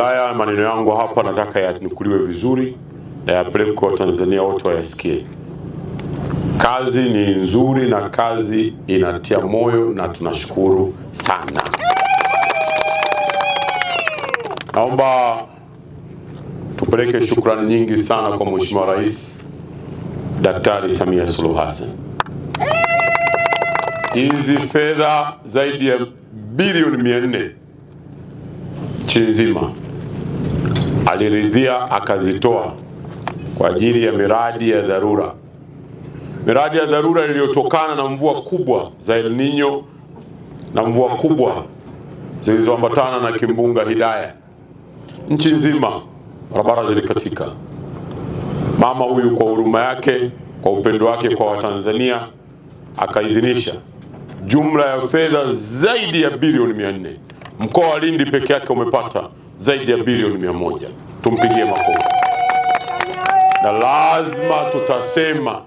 wilaya, maneno yangu hapa nataka yanukuliwe vizuri na yapelekwe kwa Tanzania wote wayasikie. Kazi ni nzuri na kazi inatia moyo na tunashukuru sana. Naomba tupeleke shukrani nyingi sana kwa Mheshimiwa Rais Daktari Samia Suluhu Hassan. Hizi fedha zaidi ya bilioni mia nne nchi nzima aliridhia akazitoa kwa ajili ya miradi ya dharura, miradi ya dharura iliyotokana na mvua kubwa za El Nino na mvua kubwa zilizoambatana na kimbunga Hidaya. Nchi nzima barabara zilikatika. Mama huyu kwa huruma yake, kwa upendo wake kwa Watanzania, akaidhinisha jumla ya fedha zaidi ya bilioni mia nne. Mkoa wa Lindi peke yake umepata zaidi ya bilioni mia moja. Tumpigie makofi, na lazima tutasema,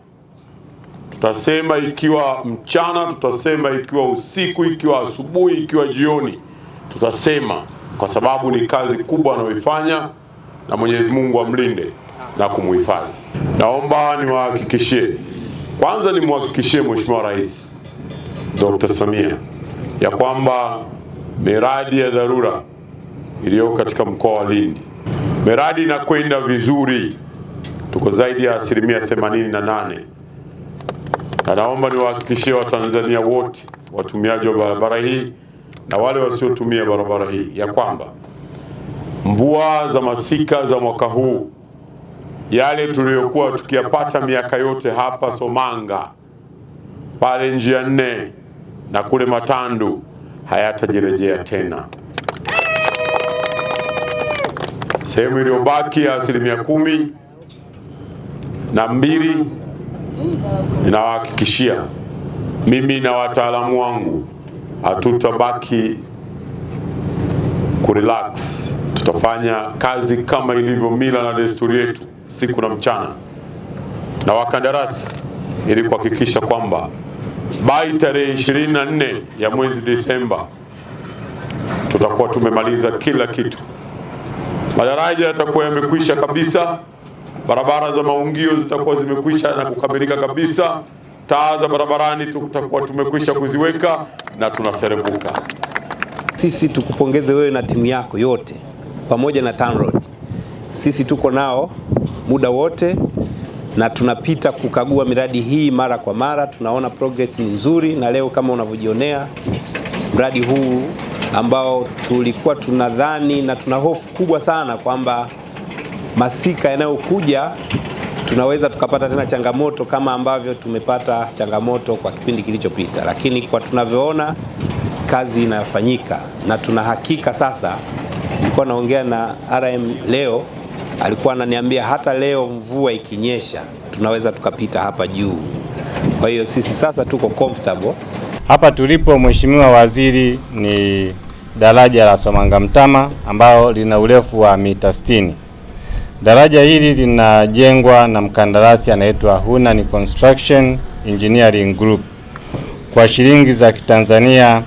tutasema ikiwa mchana, tutasema ikiwa usiku, ikiwa asubuhi, ikiwa jioni, tutasema kwa sababu ni kazi kubwa anayoifanya, na Mwenyezi Mungu amlinde na kumuhifadhi. Naomba niwahakikishie, kwanza nimhakikishie Mheshimiwa Rais Dr. Samia ya kwamba miradi ya dharura iliyoko katika mkoa wa Lindi. Miradi inakwenda vizuri, tuko zaidi ya asilimia 88, na naomba niwahakikishie Watanzania wote watumiaji wa barabara hii na wale wasiotumia barabara hii ya kwamba mvua za masika za mwaka huu, yale tuliyokuwa tukiyapata miaka yote hapa Somanga, pale njia nne na kule Matandu, hayatajirejea tena sehemu iliyobaki ya asilimia kumi na mbili ninawahakikishia mimi na wataalamu wangu hatutabaki kurelax, tutafanya kazi kama ilivyo mila na desturi yetu siku na mchana na wakandarasi, ili kuhakikisha kwamba bai tarehe na nne ya mwezi Desemba tutakuwa tumemaliza kila kitu. Madaraja yatakuwa yamekwisha kabisa, barabara za maungio zitakuwa zimekwisha na kukamilika kabisa. Taa za barabarani tutakuwa tumekwisha kuziweka na tunaserebuka Sisi tukupongeze wewe na timu yako yote pamoja na TANROADS. Sisi tuko nao muda wote na tunapita kukagua miradi hii mara kwa mara, tunaona progress ni nzuri, na leo kama unavyojionea mradi huu ambao tulikuwa tunadhani na tuna hofu kubwa sana kwamba masika yanayokuja tunaweza tukapata tena changamoto kama ambavyo tumepata changamoto kwa kipindi kilichopita, lakini kwa tunavyoona kazi inafanyika na tuna hakika sasa. Nilikuwa naongea na RM leo, alikuwa ananiambia hata leo mvua ikinyesha tunaweza tukapita hapa juu. Kwa hiyo sisi sasa tuko comfortable hapa tulipo, Mheshimiwa Waziri, ni daraja la Somanga Mtama ambalo lina urefu wa mita 60. Daraja hili linajengwa na mkandarasi anaitwa Hunan Construction Engineering Group kwa shilingi za Kitanzania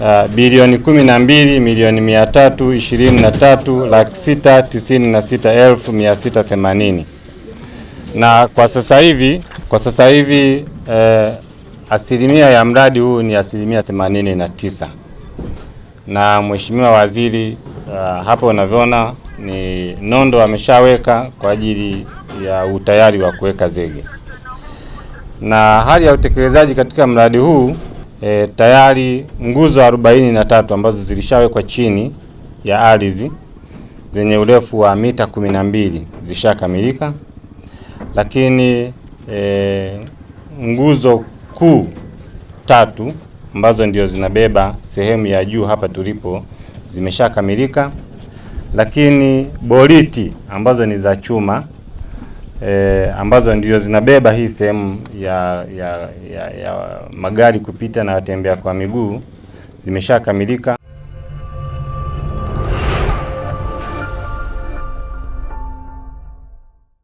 uh, bilioni 12 milioni 323 laki sita na elfu na kwa sasa hivi kwa sasa hivi uh, Asilimia ya mradi huu ni asilimia themanini na tisa na Mheshimiwa Waziri uh, hapo unavyoona ni nondo ameshaweka kwa ajili ya utayari wa kuweka zege na hali ya utekelezaji katika mradi huu e, tayari nguzo arobaini na tatu ambazo zilishawekwa chini ya ardhi zenye urefu wa mita kumi na mbili zishakamilika, lakini e, nguzo kuu tatu ambazo ndio zinabeba sehemu ya juu hapa tulipo zimeshakamilika, lakini boriti ambazo ni za chuma e, ambazo ndio zinabeba hii sehemu ya, ya, ya, ya magari kupita na watembea kwa miguu zimeshakamilika.